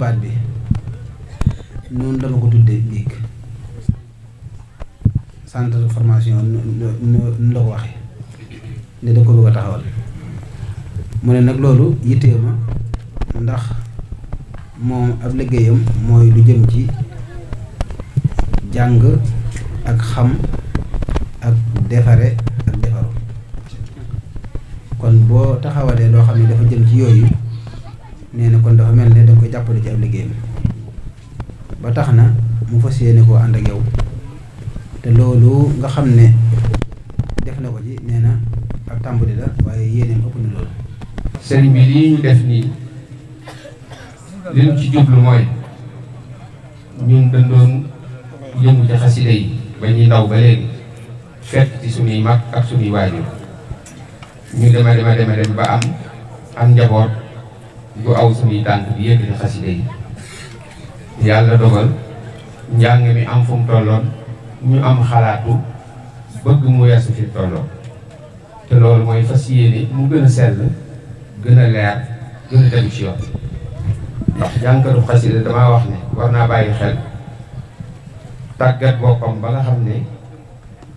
baat bi noonu dama ko tuddee biig centre formation nu la ko waxee ne da ko bëgg taxawal mu ne nag loolu yittee ma ndax moom ab liggéeyam mooy lu jëm ci jàng ak xam ak defare ak defaru kon boo taxawalee loo xam ne dafa jëm ci yooyu nee na kon dafa mel ne dañ koy jàppale ci ab liggéeyam ba tax na mu fas yéene koo ànd ak yow te loolu nga xam ne def na ko ci nee na ab tàmbali la waaye yéeneem ëpp na loolu. sëriñ bi lii ñu def nii li ñu ci jublu mooy ñun dañ doon yëngu yi ba ñuy ndaw ba léegi fekk ci suñuy mag ak suñuy waajur ñu dema dema dema dem ba am am njaboot. di aw suñuy tànk bi yëkkati xasida yi yàlla dogal njàng mi am fu mu tolloon ñu am xalaatu bëgg mu yeesu fi tolloon te loolu mooy fas yéene mu gën a sell gën a leer gën a dem ci yoon ndax jànkatu xasida dama wax ne war naa bàyyi xel tàggat boppam ba nga xam ne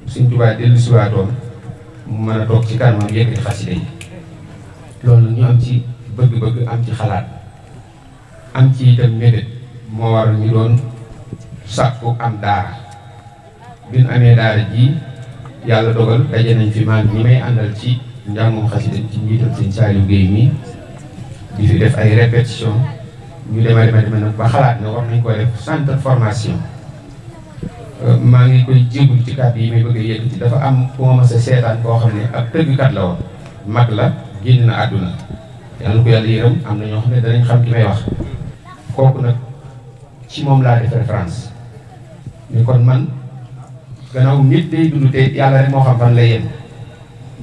suñ tubaab dellu siwaatoon mu mën a toog ci kanamam yëkkati xasida yi loolu ñu am ci bëgg-bëgg am ci xalaat am ci itam mébét moo waral ñu doon sàkku am daara biñ amee daara ji yàlla dogal daje nañ fi maam ñi may àndal ci njàngum xasida ci njiitam seen Saliou Guèye mi di fi def ay répétition ñu dema dema dema nag ba xalaat ne war nañ koy def centre formation euh, maa ngi koy jégul ci kàddu yi may bëgg a yëkkati dafa am ku ma mës seetaan koo xam ne ab tëggkat la woon mag la génn na àdduna yàlla ko yàlla yërëm am na ñoo xam ne danañ xam ki may wax kooku nag ci moom laa def référence ni kon man gannaaw nit day dund te yàlla rek moo xam fan lay yem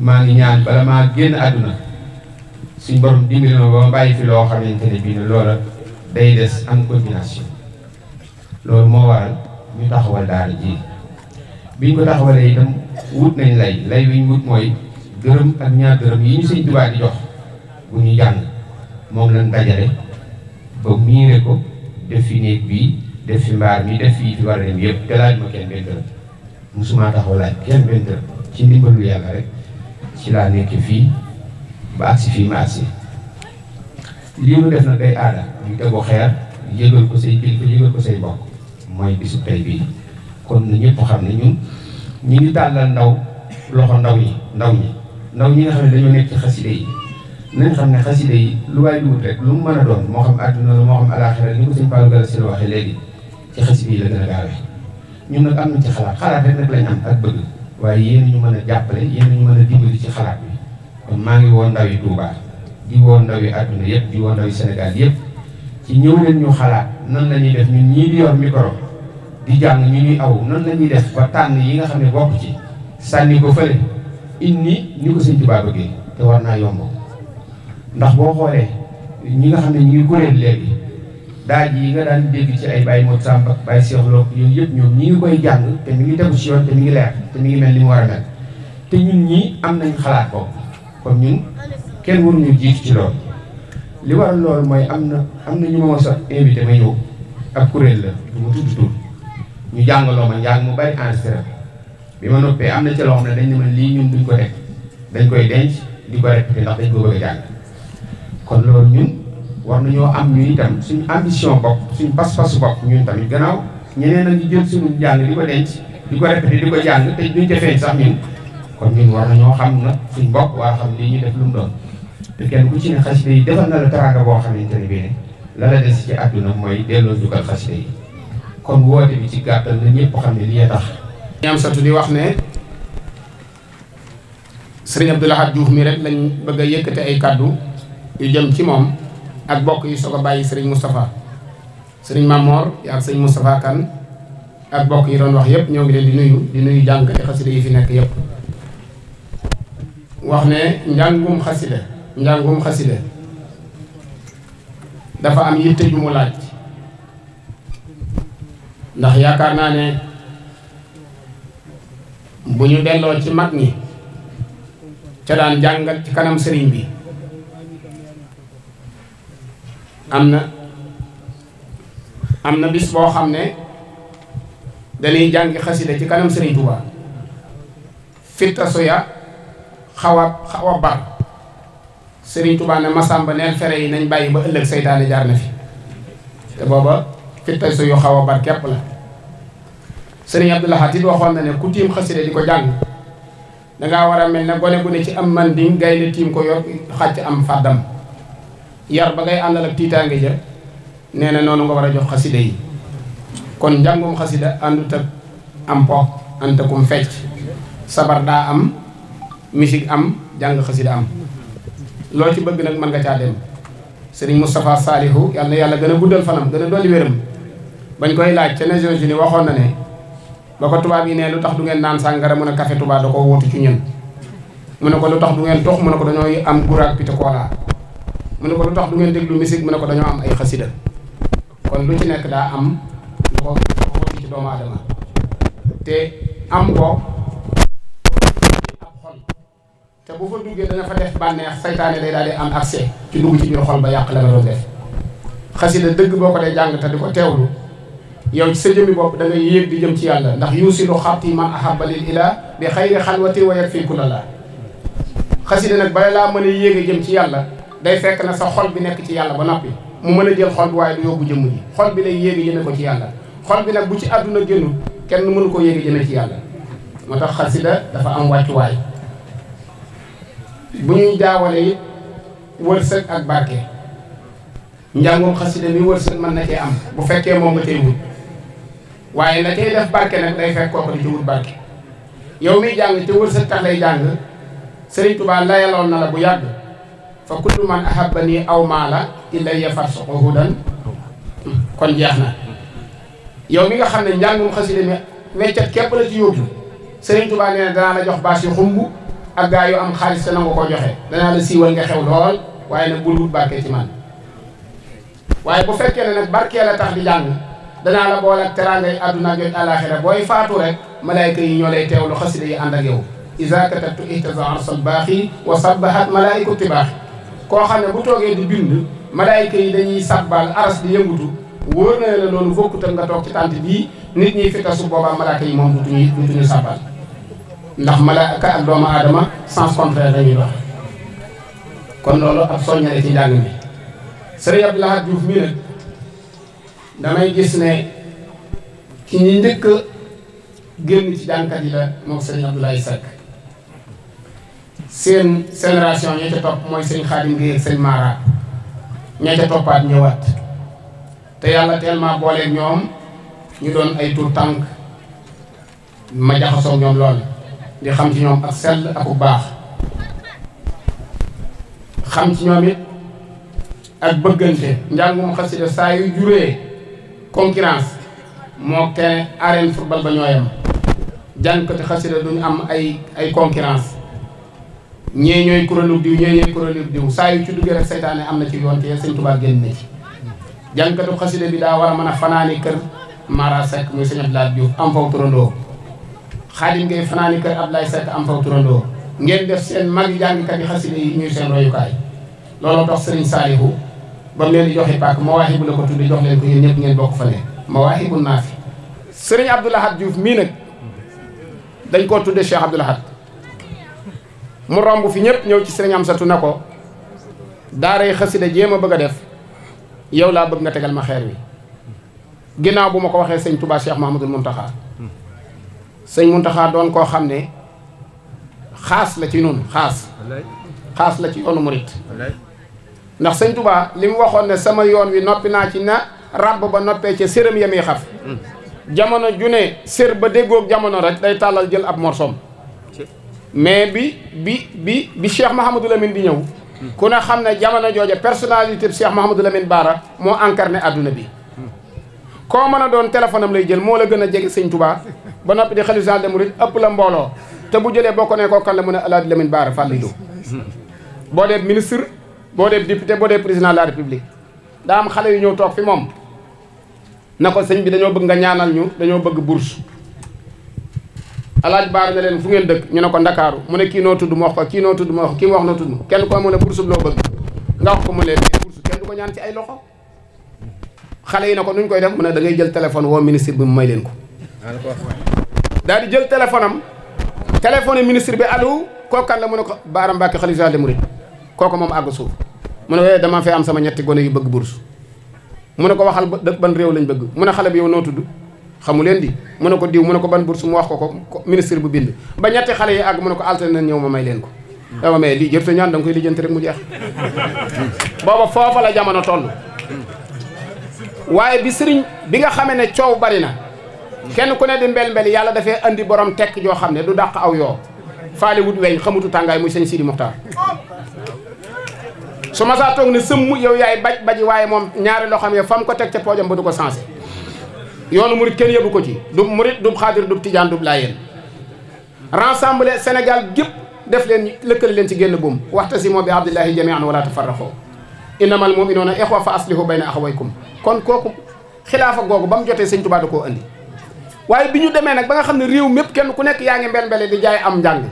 maa ngi ñaan bala maa génn àdduna suñ borom dimbali ma ba ma bàyyi fi loo xamante ne bii ne loola day des en coordination loolu moo waral ñu taxawal daara ji biñ ko taxawalee itam wut nañ lay lay wiñ wut mooy dërëm ak ñaar dërëm yi ñu sëñ Tuubaa di jox bu ñu jàng moom lañ dajale ba miire ko def fi néeg bii def fi mbaar mi def fi fi war a dem yëpp te laaj rek ci fii ba agsi fii day aada ñu tegu xeer yëgal ko say kilifa yëgal ko say mbokk mooy bisu tey bii kon na ñëpp xam ne ñun ñu ngi tàllal ndaw loxo ndaw ñi ndaw ñi ndaw ñi nga xam ne dañoo nekk ci xaside yi nañ xam ne xasida yi lu waay duwut rek lu mu mën a doon moo xam àdduna la moo xam alaaxira ni ko sëñ Fallou Gala si la waxee léegi ci xasi bii la gën a gaawee ñun nag am na ci xalaat xalaat rek nag lañ am ak bëgg waaye yéen ñu mën a jàppale yéen ñu mën a dimbali ci xalaat bi kon maa ngi woon ndaw yi Touba di woo ndaw yi àdduna yëpp di woo ndaw yi Sénégal yëpp ci ñëw leen ñu xalaat nan la ñuy def ñun ñii di yor micro di jàng ñu ñuy aw nan la ñuy def ba tànn yi nga xam ne bokk ci sànni ko fële indi ñu ko sëñ Tuubaa bëggee te ndax boo xoolee ñi nga xam ne ñu ngi kuréel léegi daaj yi nga daan dégg ci ay Baye Modou Samb ak Baye Cheikh Lo yooyu yëpp ñoom ñi ngi koy jàng te mi ngi tegu ci yoon te mi ngi leer te mi ngi mel ni mu war a mel te ñun ñii am nañ xalaat ko kon ñun kenn waruñu jiitu ci loolu li waral loolu mooy am na am na ñu ma sa invité ma ñëw ak kuréel la du ma tudd tur ñu jàngaloo ma njàng mu bari enregistré bi ma noppee am na ci loo xam ne dañ ne ma lii ñun duñ ko teg dañ koy denc dañ ko kon loolu ñun war nañoo am ñu itam suñ ambition bopp suñ pas-pasu bopp ñun tamit gannaaw ñeneen a ngi jël suñu jàng di ko denc di ko répété di ko jàng te duñ ca feeñ sax ñun kon ñun war nañoo xam na suñ bopp waa xam li ñuy def lu mu doon te kenn ku ci ne xasida yi defal na la teraanga boo xamante ne bii ne la la des ci àdduna mooy delloo jukkal xasida yi kon woote bi ci gàttal na ñëpp xam ne lii tax. ñaam satu di wax ne sëriñ Abdou Lahad Diouf mi rek lañ bëgg a yëkkate ay kàddu. yu jëm ci moom ak bokk yi soog a bàyyi sëriñ Moustapha sëriñ Mamor ak sëriñ Moustapha Kane ak bokk yi doon wax yëpp ñoo ngi leen di nuyu di nuyu jàngkati xasida yi fi nekk yëpp wax ne njàngum xasida njàngum xasida dafa am yitte ju mu laaj ndax yaakaar naa ne bu ñu delloo ci mag ñi ca daan jàngal ci kanam sëriñ bi am na am na bis boo xam ne dañuy jàngi xasida ci kanam Serigne Touba fittasu ya xaw a xaw a bar Serigne Touba ne Masamba fere yi nañ bàyyi ba ëllëg seytaane jaar na fi te booba fittasu yu xaw a bar képp la Serigne Abdou Lahad waxoon na ne ku tiim xasida di ko jàng dangaa war a mel ne gone gu ne ci am man diñ gaynde tiim ko yor xàcc am fàddam yar ba ngay àndal ak tiitaange ja nee na noonu nga war a jox xasida yi kon njàngum xasida àndut ak am poq antakum fecc sabar daa am misik am jàng xasida am loo ci bëgg nag mën nga caa dem sëriñ Moustapha Salihu yàlla na yàlla gën a guddal fanam gën a dolli wéram bañ koy laaj ca Nations Unies waxoon na ne ba ko tubaab yi ne lu tax du ngeen naan sàngara mu a café tubaab da ko wóotu ci ñun mu ne ko lu tax du ngeen tox mu ne ko dañooy am guraag pite koolaa mu ne ko lu tax du ngeen déglu musique mu ne ko dañoo am ay xasida kon lu ci nekk daa am lu ko ci doomu aadama te am ko ab te bu fa duggee dana fa def bànneex saytaane day daal di am accès ci dugg ci biir xol ba yàq la nga doon def xasida dëgg boo ko dee jàng te di ko teewlu yow ci sa jëmmi bopp da ngay yéeg di jëm ci yàlla ndax yuusilu xatti man ahabba lil ilaa bi xayri xalwati wa yakfi kulla la xasida nag bala laa mën a yéeg a jëm ci yàlla day fekk na sa xol bi nekk ci yàlla ba noppi mu mën a jël xol bi waaye du yóbbu jëmm ji xol bi lay yéegi jëme ko ci yàlla xol bi nag bu ci àdduna génnul kenn mënu koo yéegi jëme ci yàlla moo tax xasida dafa am wàccuwaay bu ñuy jaawale it wërsëg ak barke njàngum xasida mi wërsëg man na am bu fekkee moom nga cay wut waaye la cay def barke nag day fekk kooku di ci wut barke yow miy jàng te wërsëg tax lay jàng Sëriñ Tuubaa layaloon na la bu yàgg فكل من أحبني أو مالا إلا يفرسق هدى كون جاهنا يومي خمنا نجان من خسر لي ميتت كيف لا تيوب سرين توبا نينا دانا جوخ باسي خمبو أبدا يو أم خالص سنة وكو جوخي دانا لسي ونجا خيو لول وينا بلود باكي تيمان وينا بفكي لنك باركي على تحت جان دانا لبولا تران لي أدنا جوت الاخرة بوي فاتورة ملايكة ينولي تيولو خسر لي أندا جيو إذا كتبت إهتزار صباخي وصبحت ملائكة تباخي koo xam ne bu toogee di bind malaayka yi dañuy sàbbaal aras di yëngutu wóor na la loolu bokkutal nga toog ci tànt bii nit ñiy fekk su boobaa malaayka yi moom dutuñu dutuñu sàbbaal ndax malaayka doomu aadama sens contraire dañuy dox kon loolu ab soññale ci njàng mi sëriñ Abdou Lahad mi nag damay gis ne ki ñu njëkk génn ci jànkat yi la moom sëriñ Abdoulaye Seck seen génération ña ca topp mooy sëñ Xaadim Gueye ak sëñ Mara ña ca toppaat ñëwaat te yàlla tellement booleeg ñoom ñu doon ay tur tànk ma jaxasoo ñoom lool di xam ci ñoom ak sell ak bu baax xam ci ñoom it ak bëggante njàngum xasida saa yu juree concurrence moo kenn arène football ba ñooyam jànkati xasida duñu am ay ay concurrence ñee ñooy kuréelu diw ñee ñooy kuréelu diw saa yu ci duggee rek saytaane am na ci yoon te sëñ Tuubaa génn na ci jànkatu xasida bi daa war a mën a fanaane kër Mara Seck muy sëñ Abdoulaye Diouf am faw turandoo xaadim ngay fanaani kër Abdoulaye Seck am faw ngeen def seen mag jàngkat yi xasida yi ñuy seen royukaay looloo tax sëriñ Saalihu ba leen di joxe pàkk la ko tudde jox leen ko yéen ñëpp ngeen bokk fa ne Mawaahibu naa fi sëriñ Abdoul Ahad Diouf mii nag dañ koo tuddee Cheikh Abdoul Ahad mu romb fi ñëpp ñëw ci sëriñ Amsatu ne ko daaray xasida jéem a bëgg a def yow laa bëgg nga tegal ma xeer wi ginnaaw bu ma ko waxee sëñ Touba Cheikh Mahamadul Muntaxaa sëñ Muntaxaa doon koo xam ne xaas la ci nun xaas xaas la ci yoonu murit ndax sëñ Touba li mu waxoon ne sama yoon wi noppi naa ci na ràbb ba noppee ca sërëm ya muy xaf mm. jamono ju ne sër ba déggoog jamono rek day tàllal jël ab morsoom mais bi bi bi bi Cheikh Mahamadou Lamine di ñëw ku ne xam ne jamono jooja personnalité bi Cheikh Mahamadou Lamine Baara moo incarné àdduna bi koo mën a doon téléphone am lay jël moo la gën a jege sëñ Touba ba noppi di xalifa général des mourides ëpp la mbooloo te bu jëlee boo ko ne koo kan la mën a Alaaji Lamine Baara Fàllilu boo dee ministre boo dee député boo dee président la république daa am xale yu ñëw toog fi moom na ko sëñ bi dañoo bëgg nga ñaanal ñu dañoo bëgg bourse alaaj baar na leen fu ngeen dëkk ñu ne ko ndakaaru mu ne kii noo tudd ma wax ko kii noo tudd ma wax kii ma wax noo tudd kenn ko mu ne ko mu leen kenn du ay loxo xale yi na ko nuñ koy def mu ne da ngay jël téléphone woo ministre bi mu may leen ko daal di jël téléphone am téléphone ministre bi allo kooku kan la mu ne ko Baara Mbacke xalifa général des mourides kooku moom àgg suuf mu ne eh, demaa fee am sama ñetti gone yu bëgg bursu mu ne ko waxal ba ban réew lañ bëgg mu ne xale bi yow noo tudd xamu leen di mu ne ko diw mu ne ko ban bourse mu wax ko ko ministre bu bind ba ñetti xale yi àgg mu ne ko altine na ñëw ma may leen ko dama may lii ñaan da nga koy lijjanti rek mu jeex booba foofa la jamono toll waaye bi sëriñ bi nga xamee ne coow bari na kenn ku ne di mbel mbel yàlla dafay indi borom tekk joo xam ne du dàq aw yoo faale wut weñ xamutu tàngaay muy sëñ Sidi Muxtaar su ma saa toog ne sëmm yow yaay baj baji waaye moom ñaari loo xam ne fa mu ko teg ca poojam ba du ko sensé yoonu murit kenn yóbbu ko ci du murit du xaadir du tijaan du laayeen rassemble Sénégal gépp def leen lëkkale leen ci génn buum waxtasimu bi abdillahi jamian wala tafarraqoo innamal muminuuna ixwa fa aslihu bayna axawaykum kon kooku xilaafa googu ba mu jotee sëñ Tuubaa da koo andi waaye bi ñu demee nag ba nga xam ne réew mépp kenn ku nekk yaa ngi mbel mbele di jaay am njàng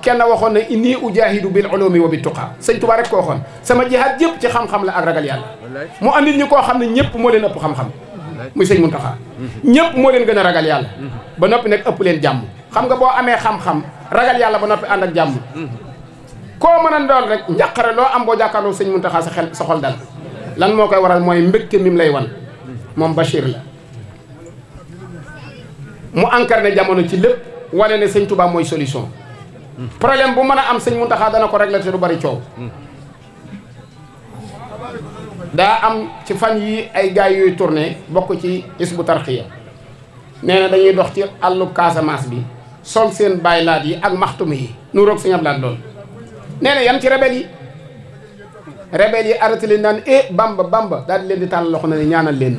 kenn waxoon ne inni ujahidu bil ulumi wa bi tuqa sëñ Tuubaa rek ko waxoon sama jihaad yëpp ci xam-xam la ak ragal yàlla mu andil ñu koo xam ne ñëpp moo leen ëpp xam-xam muy sëñ Muntaxa ñëpp moo leen gën a ragal yàlla ba noppi nag ëpp leen jàmm xam nga boo amee xam-xam ragal yàlla ba noppi ànd ak jàmm koo mën a doon rek njàqare loo am boo jàkkaarloo sëñ Muntaxa sa xel sa xol dal lan moo koy waral mooy mbégte mi mu lay wan moom Bachir la mu incarné jamono ci lépp wane ne sëñ Touba mooy solution problème bu mën a am sëñ Muntaxa dana ko réglé du bari coow daa am ci fan yi ay gaay yuy tourné bokk ci isbu tarxiya nee na dañuy dox ci àllub Casamance bi sol seen baylaat yi ak maxtum yi nu roog sañu ablaat doon nee na yan ci rebel yi rebel yi arrêté leen naan e bamba bamba daal di leen di tàll loxo na ne ñaanal leen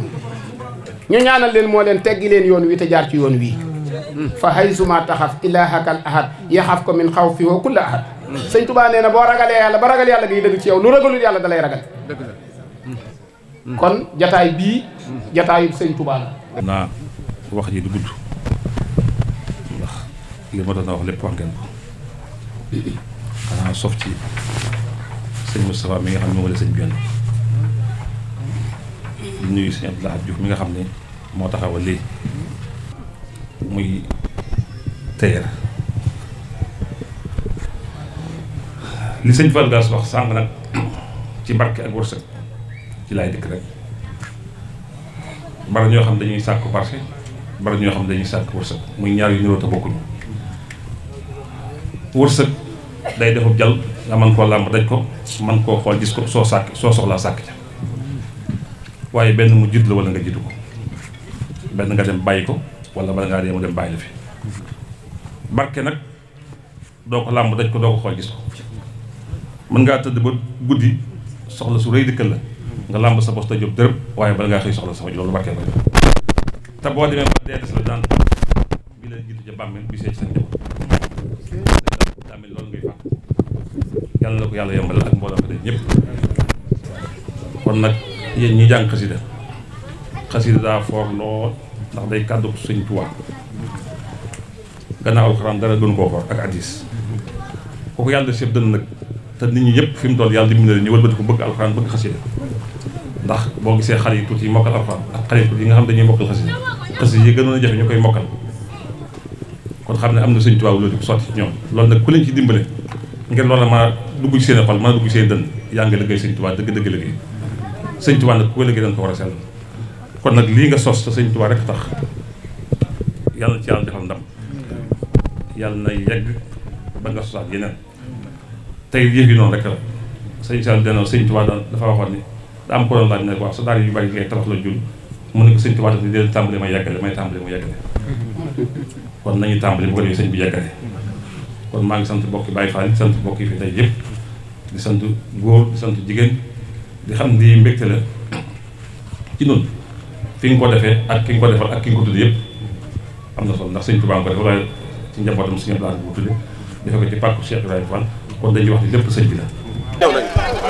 ñu ñaanal leen moo leen teggi leen yoon wi te jaar ci yoon wii fa haysuma taxaf ilahakal ahad yaxaf ko min xaw fi wa kulla ahad sëñ tubaa nee na boo ragalee yàlla ba ragal yàlla ngay dëgg ci yow lu ragalul yàlla da lay Mm-hmm. kon jataay bii mm-hmm. jataayu sëñ Touba naa wax ji du gudd ndax li ma doon wax lépp wax ngeen ko xanaa sof ci sëñ Moustapha mi xam ne moom la sëñ Bion di mi nga xam ne moo taxawal lii muy teer li sëñ Fall Gass wax sànq nag ci mbarke ak wërsëg ci laay dëkk rek bara ñoo xam dañuy sàkk marché bara ñoo xam dañuy sàkk wërsëg muy ñaar yu niroo te bokkuñu wërsëg day defub jal nga mën koo làmb daj ko man koo xool gis ko soo sàkk soo soxlaa sàkk ca waaye benn mu jiit la wala nga jiitu ko benn nga dem bàyyi ko wala bala ngaa dee mu dem bàyyi la fi barke nag doo ko làmb daj ko doo ko xool gis ko mën ngaa tëdd ba guddi soxla su rëy dëkkal la nga lamb sa poste job jóg dërëm waaye bala ngaa soxla sama loolu Mbàkke koy def boo demee ba dee la daan bi la jiitu ca bàmmeel bi see ci sa njaboot bàmmeel loolu ngay fàq yàlla na ko yàlla yombal ak mbooloo ko ñëpp kon nag yéen ñi jàng xasida xasida daa foor lool ndax day kàddu suñ tuwa gannaaw alxuraan dara gënu koo foor ak kooku yàlla seeb nag te nit ñi fi mu toll yàlla dimbali ñu bëgg alxuraan bëgg xasida ndax boo gisee xale yi tuuti yi mokkal alxuraan ak xale tuuti yi nga xam dañuy mokkal xasida xasida yi gënoon a jafe ñu koy mokkal kon xam ne am na sëñ tubaab loolu di sotti ñoom loolu nag ku leen ci dimbale ngeen loola maa dugg ci seen xol mën a dugg seen dënn yaa ngi liggéey sëñ tubaab dëgg-dëgg liggéey sëñ tubaab nag a sell kon nag lii nga sos te sëñ tubaab tax yàlla ci yàlla defal ndam yàlla na yegg ba nga sosaat yeneen tey yëf yi noonu rek la sëñ Sall dana sëñ tubaab dafa waxoon ni am ko doon laaj ne ko wax sa daara yu bari ngay tabax la jul mu ne ko sëñ Tuubaa daf ne deel tàmbali ma yàggale may tàmbali ma yàggale kon nañu tàmbali bu ko defee sëñ bi yàggale kon maa ngi sant bokki Baay Faal di sant bokki fi tey yëpp di sant góor di sant jigéen di xam ni mbégte la ci noonu fi nga ko defee ak ki nga ko defal ak nga ko tudd yëpp am na solo ndax sëñ Tuubaa nga def waaye ci njabootam suñu plan bu tudde defe ko ci parcours Cheikh Ibrahima Fall kon dañuy wax ni lépp sëñ bi la